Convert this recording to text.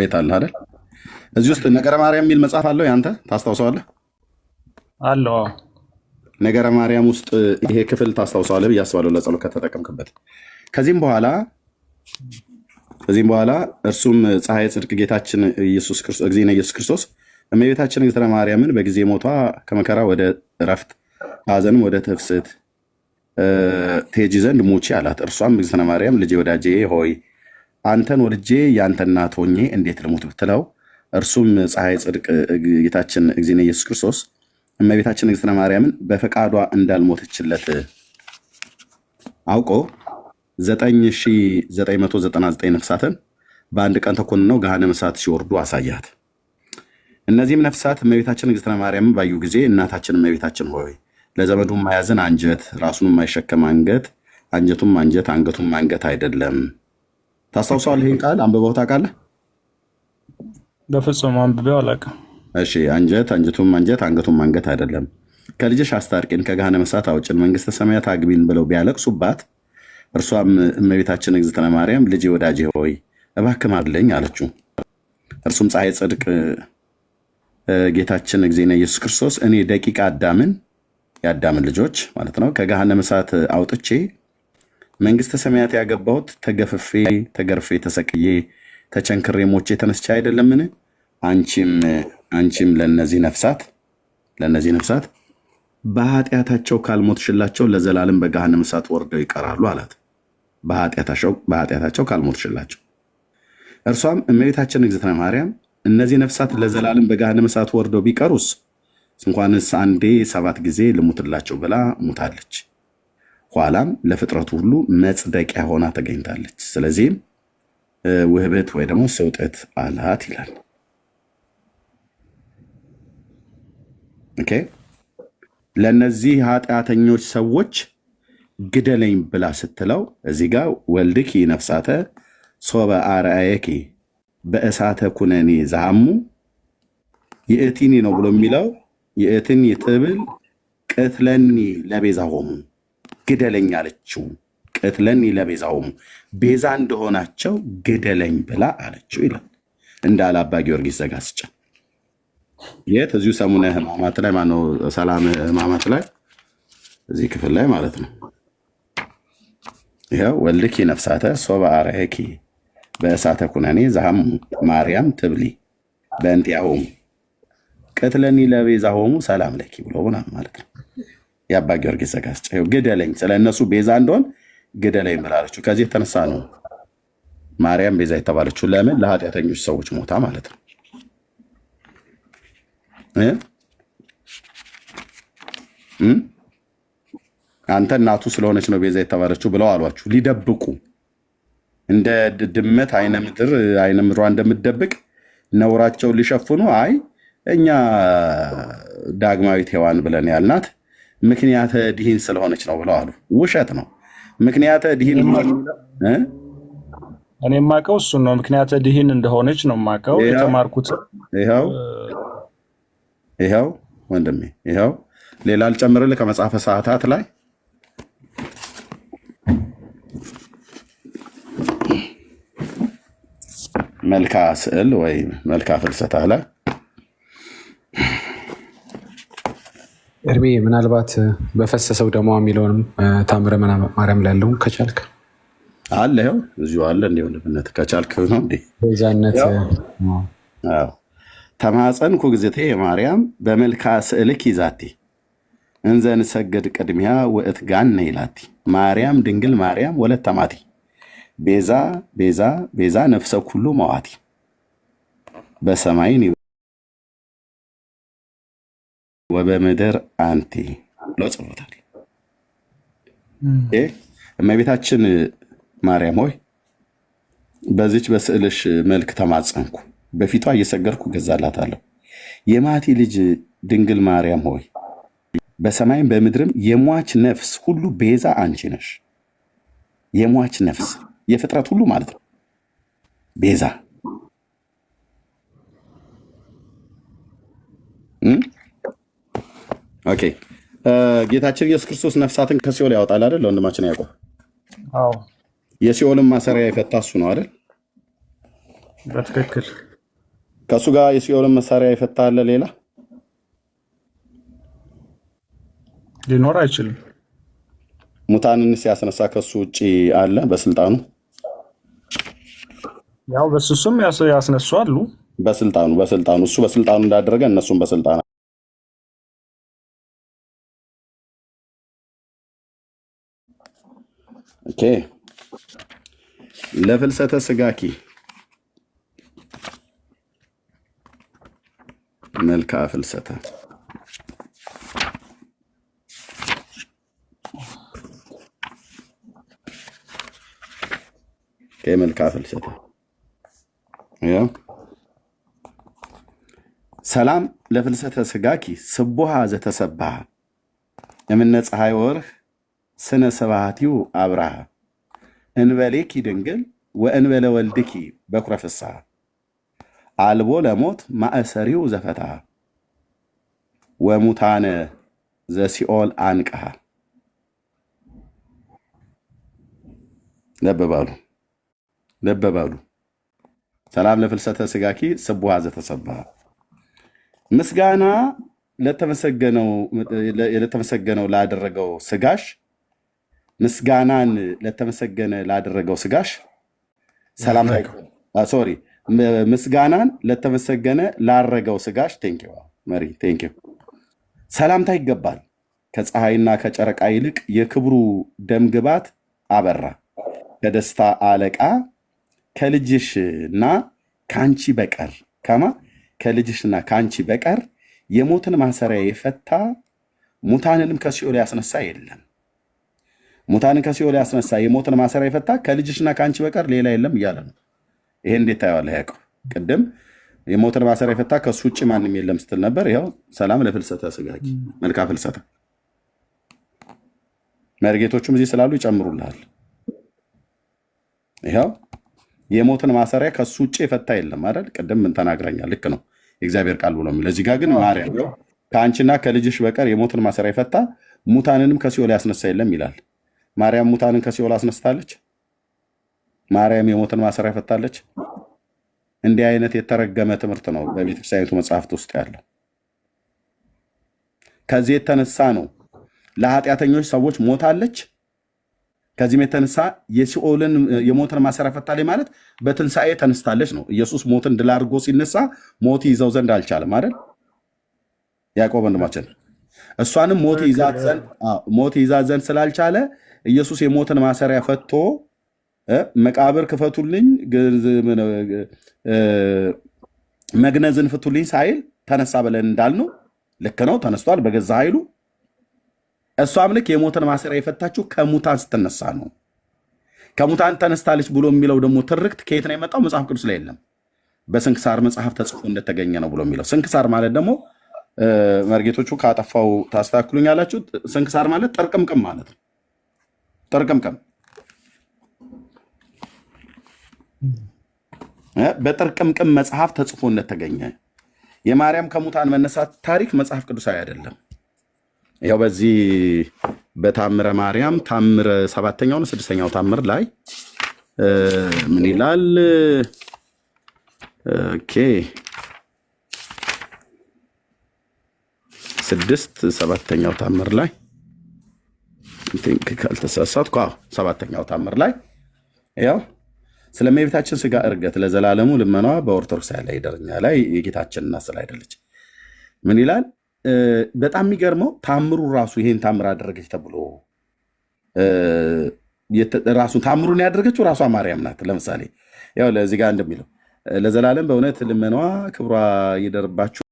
ቤት አለ አይደል? እዚህ ውስጥ ነገረ ማርያም የሚል መጽሐፍ አለው ያንተ ታስታውሰዋለህ? አለው። ነገረ ማርያም ውስጥ ይሄ ክፍል ታስታውሰዋለህ ብዬ አስባለሁ፣ ለጸሎት ከተጠቀምክበት። ከዚህም በኋላ ከዚህም በኋላ እርሱም ፀሐይ ጽድቅ ጌታችን ኢየሱስ ክርስቶስ ጊዜና ኢየሱስ ክርስቶስ እመቤታችን እግዝእትነ ማርያምን በጊዜ ሞቷ ከመከራ ወደ እረፍት ሐዘንም ወደ ትፍስት ትሄጂ ዘንድ ሙቼ አላት። እርሷም እግዝእትነ ማርያም ልጄ ወዳጄ ሆይ አንተን ወልጄ የአንተ እናት ሆኜ እንዴት ልሙት ብትለው እርሱም ፀሐይ ጽድቅ ጌታችን እግዚእነ ኢየሱስ ክርስቶስ እመቤታችን እግዝእትነ ማርያምን በፈቃዷ እንዳልሞተችለት አውቆ 9999 ነፍሳትን በአንድ ቀን ተኮንነው ገሃነመ እሳት ሲወርዱ አሳያት። እነዚህም ነፍሳት እመቤታችን እግዝእትነ ማርያምን ባዩ ጊዜ እናታችን እመቤታችን ሆይ ለዘመዱ የማያዝን አንጀት፣ ራሱን የማይሸከም አንገት፣ አንጀቱም አንጀት፣ አንገቱም አንገት አይደለም ታስታውሰዋለህ? ይህን ቃል አንብበው ታውቃለህ? በፍጹም አንብቤው አላውቅም። እሺ አንጀት አንጀቱም አንጀት አንገቱም አንገት አይደለም። ከልጅሽ አስታርቂን ከገሃነመ እሳት አውጭን መንግስተ ሰማያት አግቢን ብለው ቢያለቅሱባት እርሷም እመቤታችን እግዝእትነ ማርያም ልጄ ወዳጄ ሆይ እባክህ ማርልኝ አለችው። እርሱም ፀሐይ ጽድቅ ጌታችን እግዚእነ ኢየሱስ ክርስቶስ እኔ ደቂቃ አዳምን የአዳምን ልጆች ማለት ነው ከገሃነመ እሳት አውጥቼ መንግስተ ሰማያት ያገባሁት ተገፍፌ ተገርፌ ተሰቅዬ ተቸንክሬ ሞቼ ተነስቻ አይደለምን? አንቺም አንቺም ለነዚህ ነፍሳት ለነዚህ ነፍሳት በኃጢአታቸው ካልሞትሽላቸው ለዘላለም በገሃነመ እሳት ወርደው ይቀራሉ አላት። በኃጢአታቸው ካልሞትሽላቸው። እርሷም እመቤታችን እግዝእትነ ማርያም እነዚህ ነፍሳት ለዘላለም በገሃነመ እሳት ወርደው ቢቀሩስ እንኳንስ አንዴ ሰባት ጊዜ ልሙትላቸው ብላ ሙታለች። ኋላም ለፍጥረቱ ሁሉ መጽደቂያ ሆና ተገኝታለች። ስለዚህም ውህበት ወይ ደግሞ ስውጠት አላት ይላል። ኦኬ ለእነዚህ ኃጢአተኞች ሰዎች ግደለኝ ብላ ስትለው እዚህ ጋር ወልድኪ ነፍሳተ ሶበ አርአየኪ በእሳተ ኩነኔ ዛሙ የእቲኒ ነው ብሎ የሚለው የእቲኒ ትብል ቅትለኒ ለቤዛ ሆሙ ግደለኝ አለችው። ቅትለን ለቤዛውም ቤዛ እንደሆናቸው ግደለኝ ብላ አለችው ይላል። እንዳለ አባ ጊዮርጊስ ዘጋስጫ የት እዚሁ ሰሙነ ህማማት ላይ ማነው ሰላም ህማማት ላይ እዚህ ክፍል ላይ ማለት ነው። ይኸው ወልድኪ ነፍሳተ ሶበ አርአየኪ በእሳተ ኩነኔ ዛሃም ማርያም ትብሊ በእንቲአሆሙ ቅትለኒ ለቤዛሆሙ ሰላም ለኪ ብሎ ምናምን ማለት ነው። የአባ ጊዮርጊስ ዘጋስጫው ግደለኝ፣ ስለ እነሱ ቤዛ እንደሆን ግደለኝ ብላለችው። ከዚህ የተነሳ ነው ማርያም ቤዛ የተባለችው። ለምን ለኃጢአተኞች ሰዎች ሞታ ማለት ነው። አንተ እናቱ ስለሆነች ነው ቤዛ የተባለችው ብለው አሏችሁ። ሊደብቁ እንደ ድመት አይነ ምድር አይነ ምድሯ እንደምትደብቅ ነውራቸውን ሊሸፍኑ አይ እኛ ዳግማዊት ሔዋን ብለን ያልናት ምክንያተ ድህን ስለሆነች ነው ብለው አሉ። ውሸት ነው። ምክንያተ ድህን እኔ የማውቀው እሱን ነው። ምክንያተ ድህን እንደሆነች ነው የማውቀው። የተማርኩት ይኸው ይኸው ወንድሜ ይኸው። ሌላ አልጨምርልህ ከመጽሐፈ ሰዓታት ላይ መልካ ስዕል ወይ መልካ ፍልሰታ ላይ እድሜ ምናልባት በፈሰሰው ደሞ የሚለውንም ታምረ ማርያም ላይ ያለውን ከቻልክ አለ ው እዚ አለ እንዲሆንብነት ከቻልክ ነው እንዴ ዛነት ተማፀንኩ ጊዜቴ ማርያም በመልካ ስእልኪ ይዛቴ እንዘን ሰገድ ቅድሚያ ውእት ጋነ ይላቲ ማርያም ድንግል ማርያም ወለት ተማቲ ቤዛ ቤዛ ቤዛ ነፍሰ ኩሉ መዋቲ በሰማይን ወበምድር አንቲ ብለው ጽፎታል። እመቤታችን ማርያም ሆይ በዚች በስዕልሽ መልክ ተማጸንኩ፣ በፊቷ እየሰገርኩ ገዛላታለሁ። የማቲ ልጅ ድንግል ማርያም ሆይ በሰማይም በምድርም የሟች ነፍስ ሁሉ ቤዛ አንቺ ነሽ። የሟች ነፍስ የፍጥረት ሁሉ ማለት ነው ቤዛ ኦኬ ጌታችን ኢየሱስ ክርስቶስ ነፍሳትን ከሲኦል ያወጣል አይደል? ለወንድማችን አዎ የሲኦልን ማሰሪያ የፈታ እሱ ነው አይደል? በትክክል ከእሱ ጋር የሲኦልን መሳሪያ የፈታ አለ? ሌላ ሊኖር አይችልም። ሙታንን ሲያስነሳ ከሱ ውጭ አለ? በስልጣኑ ያው በሱ ስም ያስነሱ አሉ። በስልጣኑ በስልጣኑ እሱ በስልጣኑ እንዳደረገ እነሱም በስልጣን اوكي ለፍልሰተ ስጋኪ መልክዓ ፍልሰተ መልክዓ ፍልሰተ ሰላም ለፍልሰተ ስጋኪ ስቡሃ ዘተሰብሃ የምነ ፀሐይ ወርህ ስነ ስብሐቲሁ አብርሃ እንበሌኪ ድንግል ወእንበለ ወልድኪ በኩረ ፍስሐ አልቦ ለሞት ማእሰሪው ዘፈታ ወሙታነ ዘሲኦል አንቅሃ። ለበባሉ ለበባሉ ሰላም ለፍልሰተ ስጋኪ ስቡሃ ዘተሰባ ምስጋና ለተመሰገነው ላደረገው ስጋሽ ምስጋናን ለተመሰገነ ላደረገው ስጋሽ ሰላምታ ሶሪ ምስጋናን ለተመሰገነ ላረገው ስጋሽ መሪ ሰላምታ ይገባል። ከፀሐይና ከጨረቃ ይልቅ የክብሩ ደምግባት አበራ ከደስታ አለቃ ከልጅሽና ከአንቺ በቀር ከማ ከልጅሽና ከአንቺ በቀር የሞትን ማሰሪያ የፈታ ሙታንንም ከሲኦል ያስነሳ የለም። ሙታን ከሲኦል ያስነሳ የሞትን ማሰሪያ የፈታ ከልጅሽና ከአንቺ በቀር ሌላ የለም እያለ ነው። ይሄ እንዴት ታየዋለህ? ያዕቆብ ቅድም የሞትን ማሰሪያ የፈታ ከሱ ውጭ ማንም የለም ስትል ነበር። ይኸው ሰላም ለፍልሰተ ስጋኪ መልካ ፍልሰተ። መርጌቶቹም እዚህ ስላሉ ይጨምሩልሃል። ይኸው የሞትን ማሰሪያ ከሱ ውጭ የፈታ የለም አይደል? ቅድም ምን ተናግረኛል? ልክ ነው የእግዚአብሔር ቃል ብሎ የሚል እዚህ ጋር ግን ማርያም ከአንቺና ከልጅሽ በቀር የሞትን ማሰሪያ የፈታ ሙታንንም ከሲኦል ያስነሳ የለም ይላል። ማርያም ሙታንን ከሲኦል አስነስታለች። ማርያም የሞትን ማሰሪያ ፈታለች። እንዲህ አይነት የተረገመ ትምህርት ነው በቤተክርስቲያኒቱ መጽሐፍት ውስጥ ያለው። ከዚህ የተነሳ ነው ለኃጢአተኞች ሰዎች ሞታለች። ከዚህም የተነሳ የሲኦልን የሞትን ማሰሪያ ፈታለች ማለት በትንሣኤ ተነስታለች ነው። ኢየሱስ ሞትን ድል አድርጎ ሲነሳ ሞት ይዘው ዘንድ አልቻለም አይደል? ያዕቆብ ወንድማችን እሷንም ሞት ይዛት ዘንድ ስላልቻለ ኢየሱስ የሞትን ማሰሪያ ፈቶ መቃብር ክፈቱልኝ፣ መግነዝን ፍቱልኝ ሳይል ተነሳ ብለን እንዳልነው ልክ ነው። ተነስቷል በገዛ ኃይሉ። እሷም ልክ የሞትን ማሰሪያ የፈታችው ከሙታን ስትነሳ ነው። ከሙታን ተነስታለች ብሎ የሚለው ደግሞ ትርክት ከየት ነው የመጣው? መጽሐፍ ቅዱስ ላይ የለም። በስንክሳር መጽሐፍ ተጽፎ እንደተገኘ ነው ብሎ የሚለው ስንክሳር ማለት ደግሞ መርጌቶቹ ካጠፋው ታስተካክሉኝ ያላችሁ ስንክሳር ማለት ጥርቅምቅም ማለት ነው። ጥርቅምቅም በጥርቅምቅም መጽሐፍ ተጽፎነት ተገኘ። የማርያም ከሙታን መነሳት ታሪክ መጽሐፍ ቅዱሳዊ አይደለም። ያው በዚህ በታምረ ማርያም ታምረ ሰባተኛውን ስድስተኛው ታምር ላይ ምን ይላል? ኦኬ ስድስት ሰባተኛው ታምር ላይ ቲንክ ካልተሳሳትኩ ሰባተኛው ታምር ላይ ያው ስለ እመቤታችን ስጋ እርገት ለዘላለሙ ልመኗ በኦርቶዶክስ ያለ ይደርኛ ላይ የጌታችን ስለ አይደለች ምን ይላል? በጣም የሚገርመው ታምሩ ራሱ ይሄን ታምር አደረገች ተብሎ ራሱ ታምሩን ያደረገችው ራሷ ማርያም ናት። ለምሳሌ ያው ለዚህ ጋር እንደሚለው ለዘላለም በእውነት ልመናዋ ክብሯ ይደርባችሁ